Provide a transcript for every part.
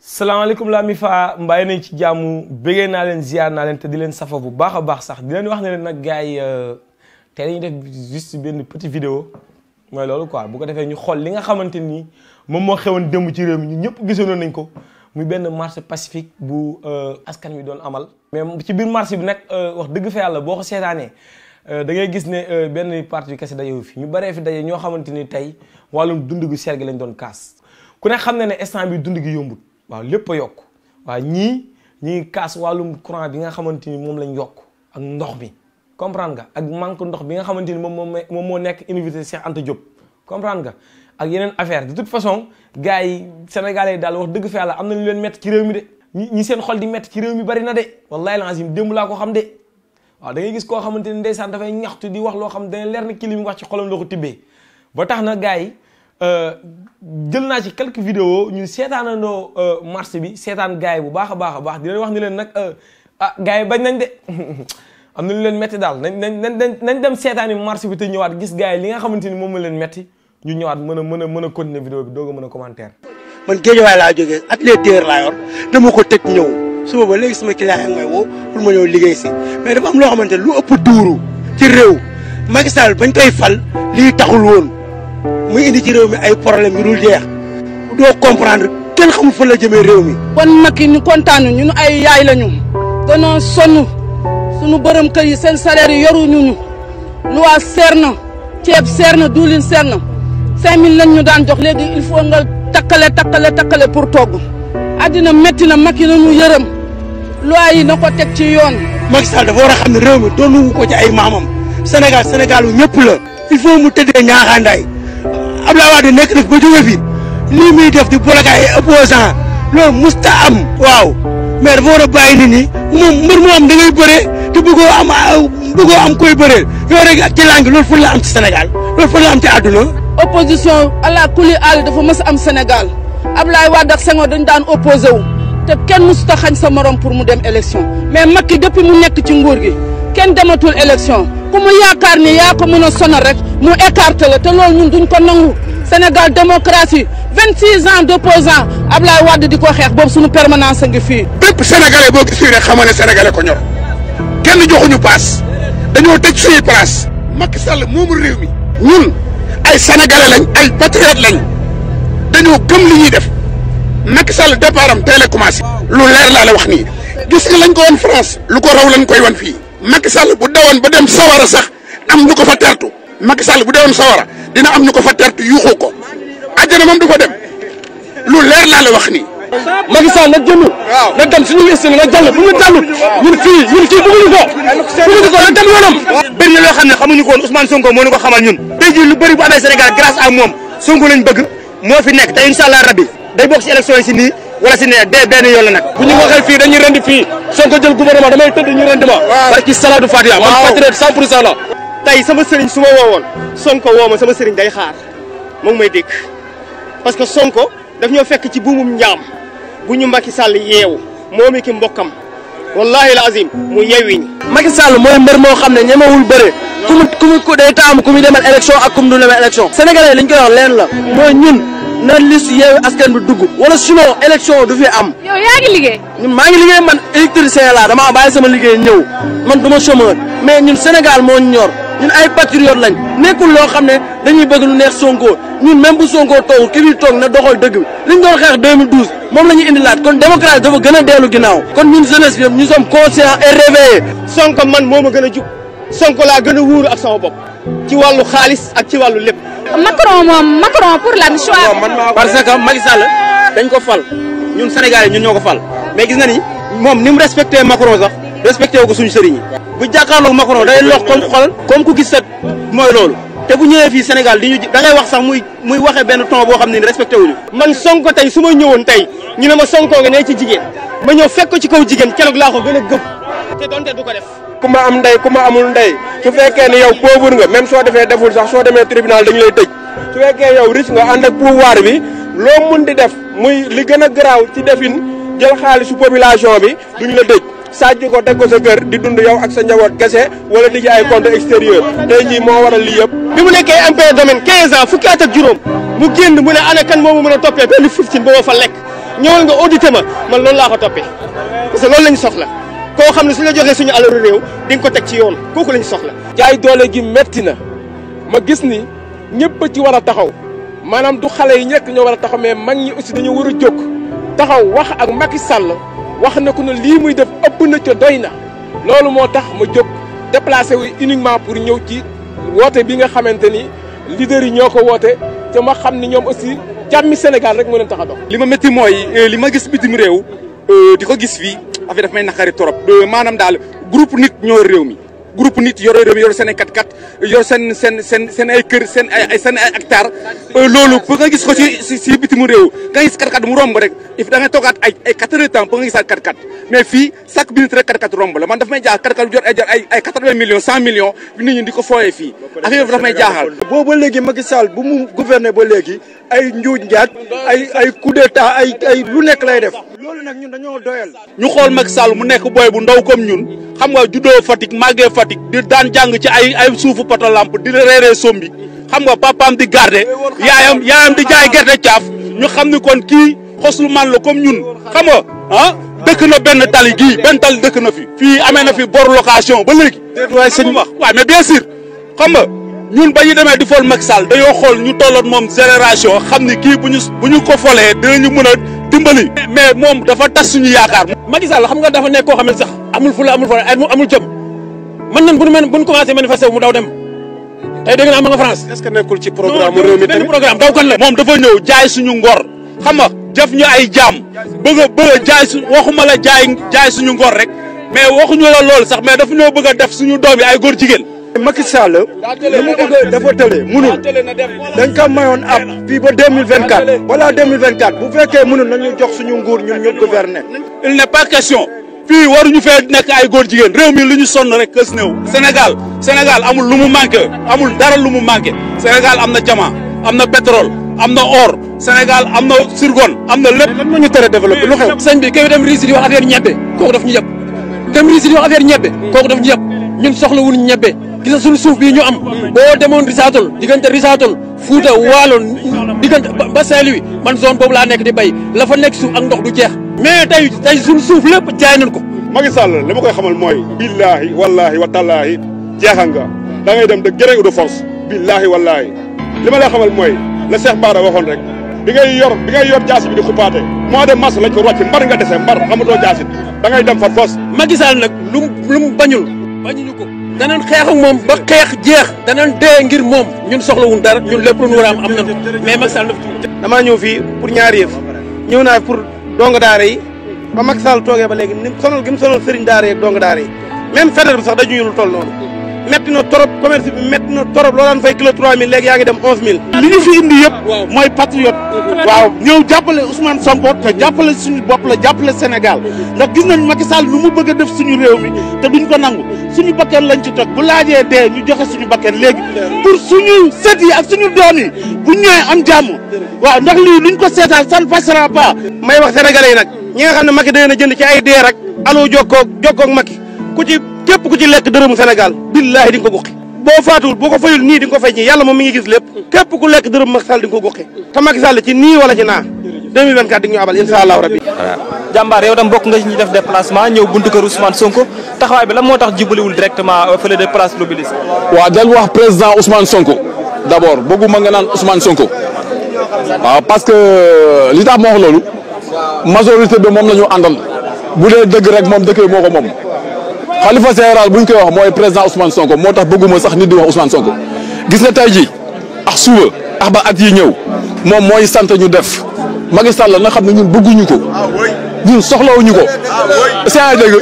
salaamaaleykum laa mi fa mbayi nañ ci jàmm bëggee naa leen ziar naa leen te di leen safa bu baax a baax sax di leen wax na leen nag gars yi euh, tey dañuy def juste benn petit vidéo mooy loolu quoi bu ko defee ñu xool li nga xamante ni moom moo xewoon démb ci réew mi ñun ñëpp gisoon nañ ko muy benn marche pacifique bu euh, askan wi doon amal mais ci biir marche bi nag euh, wax dëgg fa yàlla boo ko seetaanee dangay gis ne benn parti kese dajewu fi ñu baree fi daje ñoo xamante ni tey wàllum dund gu cher lañ doon kaas ku ne xam na ne instant bi dund gi yombut waaw lépp a yokk waaw ñii ñii ngi kaas wàllum courant bi nga xamante ni moom lañ yokk ak ndox mi comprendre nga ak manque ndox bi nga xamante ni moom moom moo nekk université Cheikh Anta Diop comprendre nga ak yeneen affaire de toute façon gars yi sénégalais daal wax dëgg fa yàlla am na ñu leen mett ci réew mi de ñi seen xol di métti ci réew mi bari na de wallahi lazim démb laa ko xam de waaw da ngay gis koo xamante ni ndeysaan dafay ñaxtu di wax loo xam dana leer na kii li mu wax ci xolam la ko tibbee ba tax na gars yi Euh, jël naa ci quelques vidéos ñun seetaanandoo euh, marché bi seetaan gars yi bu baax a baax a baax di leen wax ni leen nag euh, ah gars yi bañ nañ de am na leen metti daal nañ nañ nañ dem seetaani marché bi te ñëwaat gis gars yi li nga xamante ni moom la leen metti ñu ñëwaat mën a mën a mën a continuer vidéo bi doog a mën a commentaire. man géejawaay laa jógee atelier laa yor dama ko teg ñëw suba ba léegi sama ci laa may woo pour ma ñëw liggéey si mais dafa am loo xamante lu ëpp duuru ci réew Macky Sall bañ koy fal lii taxul woon. muy indi ci réew mi ay problème yu dul jeex doo comprendre kenn xamul fa la jëmee réew mi. kon Macky ñu kontaan ñun ay yaay lañu danoo sonn suñu borom kër yi seen salaire yi ñu loi seer na ceeb seer na diwlin seer na 5000 lañ ñu daan jox léegi il faut nga takkale takkale takkale pour togg. àddina métti na Macky na ñu yërëm loi yi na ko teg ci yoon. Macky Sall dafa war a xam ne réew mi doonu ko ci ay maamam Sénégal Sénégal wu la. il faut mu tëddee ñaaxaandaay. Abdoulaye Wade nekk nag ba jóge fi lii muy def di bloqué ay opposant loolu musta am waaw mais dafa war a bàyyi nit ñi moom mbër mu am da ngay bëree te bëggoo am euh, bëggoo am koy bëree yow rek ak ci làng loolu fan la am ci Sénégal loolu fan la am ci àdduna opposition ala kuli al dafa mës am Sénégal Abdoulaye Wade ak Senghor dañ daan opposé wu te kenn mësuta xañ sa morom pour mu dem élection mais Macky depuis mu nekk ci nguur gi kenn dematul élection ku mu yaakaar ni yaa ko mën a sonal rek mu écarté la te loolu ñun duñ ko nangu Sénégal démocratie vingt six ans d'opposant Ablaye Wade di ko xeex boobu suñu permanence a ngi fii bépp sénégalais boo gis fii rek ne sénégalais ko ñor kenn joxuñu paas dañoo tëj suñuy place Macky Sall moomul réew mi ñun ay sénégalais lañ ay patriotes lañ dañoo gëm li ñuy def Macky Sall départam teel a commencé lu leer laa wax nii gis nga ko woon France lu ko raw lañ fii Macky Sall bu dewoon ba dem sawara sax am ñu ko fa tertu Macky Sall bu dewoon sawara dina am ñu ko fa tertu yuuxu ko àjjana moom du fa dem lu leer laa la wax ni Macky Sall nag jëndu. waaw nag dem suñu estime nag jàll bu ñu jàllut. ñun fii ñun kii bëgguñu ko. bëgguñu ko nag dem yoonam. bëri loo xam ne xamuñu ko woon Ousmane Sonko moo ñu ko xamal ñun. tey jii lu bëri bu amee Sénégal grâce à moom Sonko lañ bëgg moo fi nekk te incha allah rabbi day bokk si élection yi si nii. wala si ne dee ben yoll nak buñu waxal fi waxee fii dañuy rend fii sonko jël gouvernement damay teud ñu rendi ma barki salatu fatia man patriote 100% la tay sama serigne suma wowon woowoon sonko woo sama serigne day xaar moom may dégg parce que sonko daf ñoo fekk ci buumum ñam buñu mbaki Sall yew momi ki mbokam wallahi alazim mu yewiñ mbaki Sall moy mbeur mo xamne ne ñemewul bëre kumu mu day taamu kumu demal election ak kumu demal election sénégalais liñ ko wax leen la moy ñun nan liste yeewi askan bi dugg wala sinon élection du fi am. yow yaa ngi liggéey. ñun maa ngi liggéey man électricien laa dama bàyyi sama liggéey ñëw man du ma chômeur mais ñun Sénégal moo ñor ñun ay patriote lañ nekkul loo xam ne dañuy bëgg lu neex Sonko ñun même bu Sonko toogul ki bi toog na doxal dëgg bi liñ doon xeex 2012 moom la ñu indilaat kon démocratie dafa gën a dellu ginnaaw. kon ñun jeunesse bi ñu sommes conscients e réveillés. Sonko man moo ma gën a jug Sonko laa gën a wóoru ak sama bopp. ci wàllu xaalis ak ci wàllu lépp. Macron moom Macron pour lan choix. parce que Macky Sall dañ ko fal ñun Sénégal ñun ñoo ko fal mais gis na ni moom ni mu respecté Macron sax respecté wu ko suñu sëriñ yi. bu jàkkaarloog Macron day lox comme xol comme ku gis sa mooy loolu. te bu ñëwee fii Sénégal di ñu da wax sax muy muy waxee benn ton boo xam ne respecté wuñu man Sonko tey su ma ñëwoon tey ñu ne ma Sonko nga ne ci jigéen ma ñëw fekk ci kaw jigéen keroog laa ko gën a gëm ko ku ma am ndey ku ma amul ndey su fekkee ne yow pauvre nga même soo defee deful sax soo demee tribunal dañu lay tëj su fekkee yow riche nga ànd ak pouvoir bi loo mun di def muy li gën a garaaw ci defin jël su population bi duñ la tëj sàcc ko teg ko sa kër di dund yow ak sa njawoot kese wala di ci ay compte extérieur tey jii moo waral lii yëpp. bi mu nekkee impayé domaine 15 ans fukki at ak juróom mu génn mu ne ana kan moomu mën a toppee benn 15 ba ma fa lekk ñëwal nga audité ma man loolu laa ko toppee parce que loolu lañu soxla. koo xam ne su la joxee suñu alalu réew di nga ko teg ci yoon kooku lañ soxla. jaay doole gi metti na ma gis ni ñëpp ci war a taxaw maanaam du xale yi ñekk ñoo war a taxaw mais mag ñi aussi dañu war a jóg taxaw wax ak Macky sàll wax na lii muy def ëpp na ca doy na loolu moo tax ma jóg déplacé wu uniquement pour ñëw ci woote bi nga xamante ni leader yi ñoo ko woote te ma xam ni ñoom aussi jàmmi Sénégal rek moo leen tax a dox. li ma métti mooy euh, li ma gis bitim réew euh, di ko gis fii. affaire daf may naqari trop maanaam daal groupe nit ñoo réew mi groupe nit yore réew mi e seen ay kat kat yor seen seen kër seen ay seen euh, loolu ba nga gis ko ci si si bitimu réew nga gis kat kat mu romb rek if da nga toogaat ay ay quatre heures temps ba nga gisaat kat kat mais fii chaque minute rek kat kat romb la man daf may jaaxal kat kat jot ay quatre vingt millions cent millions nit ñi di ko fooyee fii affaire bi daf may jaaxal. boo léegi Macky bu mu gouverner ba léegi ay njuuj njaaj ay coup d'état ay ay lu nekk lay def. loolu nag ñun dañoo doyal. ñu xool Macky Sall mu nekk booy bu ndaw comme ñun. xam nga juddoo Fatick màggee Fatick di daan jàng ci ay ay suufu poto lamp di reeree sombi xam nga papaam di garder yaayam yaayam di jaay gerte caaf ñu xam ni kon kii xoslu man la comme ñun xam nga ah dëkk na benn tali gii benn tali dëkk na fi fii amee na fi bor location ba léegi waaye sëñ wax waaw mais bien sûr xam nga ñun ba ñu demee di fol Macky Sall dañoo xool ñu tolloon moom génération xam ni kii bu ñu bu ñu ko folee ñu mën a dimbali mais moom dafa tas suñu yaakaar Macky Sall xam nga dafa nekk koo xam ne sax amul fulla amul fayda amul jëm man nan bu ñu bu ñu commencé manifester mu daw dem tay deug na ma nga France. est-ce que nekkul ci programme rewmi mi programme daw kan la. moom dafa ñëw jaay suñu ngor xam nga def ñu ay jaam bëgg a bëgg jaay su waxuma la jaay jaay suñu ngor rek mais waxu ñu la lool sax mais dafa ñoo bëgg a def suñu doom yi ay gor jigéen. Macky Sall li mu bëgg dafa tële munul dañ ko mayoon ab fi ba 2024 mille 2024 bu fekkee munul nañu jox suñu nguur ñun ñu gouverner. il n'est pas question. fii waruñu fee nekk ay góor jigéen réew mi lu ñu sonn rek kës néew Sénégal Sénégal amul lu mu manqué amul dara lu mu manqué Sénégal am na diamant am na pétrole am na or Sénégal am na surgone am na lépp. lan moo ñu tere développé lu xew. sëñ bi kay dem riisi di wax affaire ñebe kooku daf ñu yëpp dem riisi di wax affaire ñebe kooku daf ñu yëpp ñun soxla wuñu ñebe gis nga suñu suuf bii ñu am boo demoon Risatol diggante Risatol Fouta Waalo diggante ba Saint-Louis man zone boobu laa nekk di bay la nekk suuf ndox du jeex. mais tey tey suñu suuf lépp jaay nañ ko. Macky Sall li ma koy xamal mooy. billaahi wallaahi wa tallaahi jeexal nga da ngay dem de gré ou de force. billaahi wallaahi li ma la xamal mooy la Cheikh Bara waxoon rek bi ngay yor bi yor jaasi bi di xupaate mois de mars lañ ko rocc mbar nga dese mbar xamatoo jaasit da ngay dem fa force. Macky Sall nag lu mu lu bañul. bañuñu ko. danañ xeex ak moom ba xeex jeex. danañ dee ngir moom ñun soxlawuñ dara ñun lépp lu a am am nañ ko mais Macky fii pour ñaari yëf ñëw naa pour. dong daara yi ba Macky Sall toogee ba léegi ni sonal gi mu sonal sëriñ daara yi ak dong daara yi même fédéral bi sax dañu ñu lu toll noonu métti na trop commerce bi métti na trop loo daan fay kilo mil léegi yaa ngi dem 11000. mi ñu fi indi yëpp. mooy patriote. waaw ñëw jàppale Ousmane Sonko te jàppale suñu bopp la jàppale Sénégal ndax gis nañ Macky Sall lu mu bëgg a def suñu réew mi te duñ ko nangu suñu bakken lañ ci toj bu laajee dee ñu joxe suñu bakken léegi pour suñu sët yi ak suñu doom yi bu ñëwee am jàmm. waaw ndax lii ñu ko seetaan ça ne pas. may wax sénégalais yi nag ñi xam ne Macky dañu a jënd ci ay dee rek allo jokkoo jokkoo ak Macky ku ci képp ku ci lekk dërëmu Sénégal billahi di nga ko guqi boo faatuwul boo ko fayul nii di nga ko fay ñi yàlla moom mi ngi gis lépp képp ku lekk dërëm Macky Sall ko guqi te Macky ci nii wala ci naa 2024 di ñu abal insha rabbi Jambar yow tam bokk nga ci ñi def déplacement ñëw buntu kër Ousmane Sonko taxawaay bi lan moo tax jubaliwul directement euh, fële de place l'Obélisque waaw dañ wax président Ousmane Sonko d'abord bëgguma nga naan Ousmane Sonko waaw parce que euh, li tax wax loolu majorité bi moom la ñu bu dee dëgg rek moom dëkk moo ko xalifa général bu ñu koy wax mooy président Ousmane Sonko moo tax bëgguma sax nit di wax Ousmane Sonko gis nga tey ji ak suba ak ba at yi ñëw moom mooy sant ñu def Macky Sall na xam ne ñun bëgguñu ko ñun soxlawuñu ko seen dégg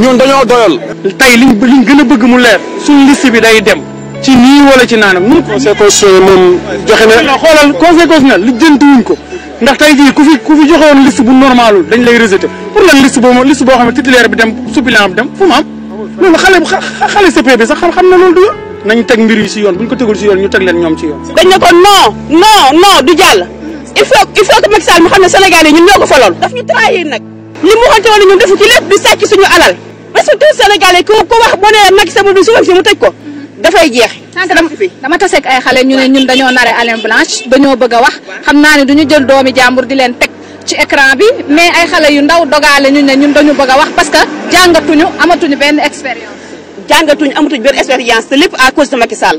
ñun dañoo doyal. tey liñ liñ gën a bëgg mu leer suñ liste bi day dem ci nii wala ci naan mun. conseil constitutionnel moom joxe na. xoolal conseil constitutionnel lijjantiwuñ ko ndax tey jii ku fi ku fi joxewoon liste bu normalul dañ lay rejeté pour bi dem suppléant dem fu mu am. loolu xale bu xale CP bi sax xam-xam na loolu du yoon nañu teg mbir yi si yoon bu ñu ko tegul si yoon ñu teg leen ñoom ci yoon. dañ ne ko non non du jàll il faut il faut que Macky Sall mu xam ne Sénégal yi ñun ñoo ko faloon. daf ñu trahir nag li mu waxante woon ñun defu ci lépp di sàcc suñu alal parce que tout Sénégal yi ko wax boo nee Macky Sall du suba si mu tëj ko dafay jeex. dama taseeg ay xale ñu ne ñun dañoo nare Alain Blanche dañoo bëgg a wax xam naa ne duñu jël doomi jàmbur di leen teg ci écran bi mais ay xalé yu ndaw dogalé ñu né ñun dañu bëgg wax parce que jangatuñu amatuñu ben expérience jangatuñu amatuñu ben expérience lepp à cause de Macky Sall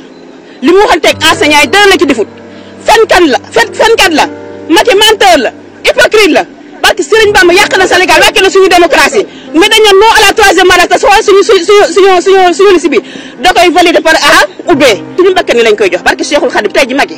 limu waxante ak enseignant yi dara la ci defut fen kan la fen fen kan la Macky menteur la hypocrite la barke Serigne Bamba yak na Sénégal wéké na suñu démocratie mais dañu no à la troisième mandat so suñu suñu suñu suñu suñu bi valider par A ou B suñu bakkan lañ koy jox barke Cheikhul Khadim tay ji Macky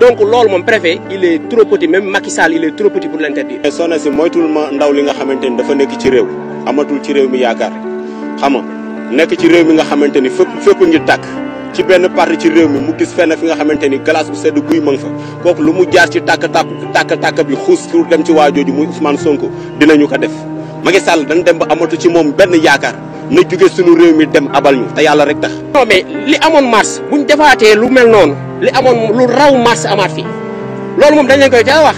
donc lol moom préfet il est trop petit même Macky Sall il est trop petit pour l'interdire. soxna si moytul ma ndaw li nga xamante ni dafa nekk ci réew amatul ci réew mi yaakaar xam nga nekk ci réew mi nga xamante ni fépp ngi tàkk ci benn parti ci réew mi mu ne fenn fi nga xamante glace bu sedd guy ma nga fa kooku lu mu jaar ci tàkk tàkk tàkk tàkk bi xuus pour dem ci waa jooju Ousmane Sonko dinañu ko def Macky Sall dañ dem ba amatu ci moom benn yaakaar na jóge suñu réew mi dem abal ñu te yàlla rek tax. non mais li amoon mars buñ defaatee lu mel non. li amoon lu raw mars amaat fi loolu moom dañ leen koy teel wax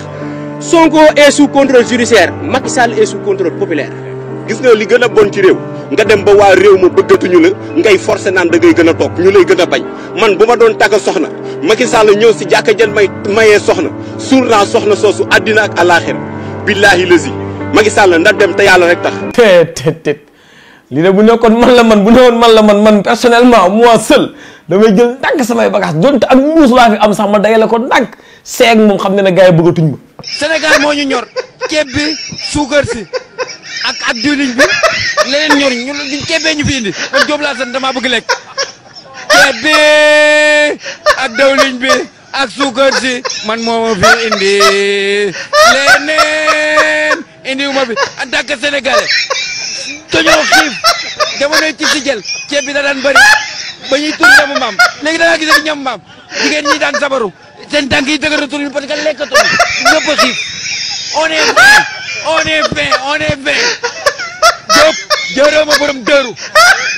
Sonko est sous contrôle judiciaire Macky Sall est sous populaire. gis nga li gën a bon ci réew nga dem ba waa réew ma bëggatuñu la ngay forcer naan da ngay gën a toog ñu lay gën a bañ man bu ma doon takk soxna Macky Sall ñëw si jàkka jël may mayee soxna suur naa soxna soosu àddina ak àllaaxira billaahi lazi Macky Sall ndax dem te yàlla rek tax. li ne bu nekkon man la man bu newoon man la man man personnellement moi seul damay jël tag sama bagage donte ak mous la fi am sax ma dagale ko nak seeg moom xamne na gaay beugatuñ ma. senegal mo ñu ñor ceeb bi sugar si ak ak diwlin bi leneen ñor ñu ñu ceebee ñu fi indi ak job la sen dama bëgg lek ceeb bi ak diwlin bi ak sugar si man mo fi indi leneen indiwuma fi en tant que dañoo xiif jamonoy tif si jël ceeb bi da daan bëri ba ñuy tur ñamu maam léegi da ngaa gis ñam maam jigéen ñi daan sabaru seen tànk yi dëgëratul parce que lekkatul ñëpp a xiif on est bien on est bien on est bien Diop jërëjëf ma borom dëru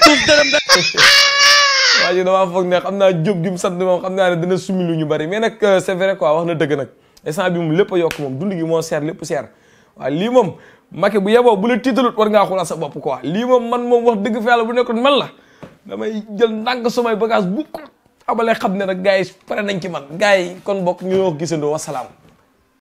tuuf dërëm da waa ji damaa foog ne xam naa Diop gi mu ni moom xam naa ne sumi lu ñu bëri mais nag euh, c'est vrai wax na dëgg nag instant bi moom lépp a yokk moom dund gi moo seer lépp seer waaw lii moom Macky bu yeboo bu la tiitalut war ngaa xoolal sa bopp quoi lii moom man moom wax dëgg fa bu nekkoon man la may jël ndànk samay bagage bu ko abalee xam ne nag gars yi pare nañ ci man gars yi kon bokk ñu wax gisandoo wasalaam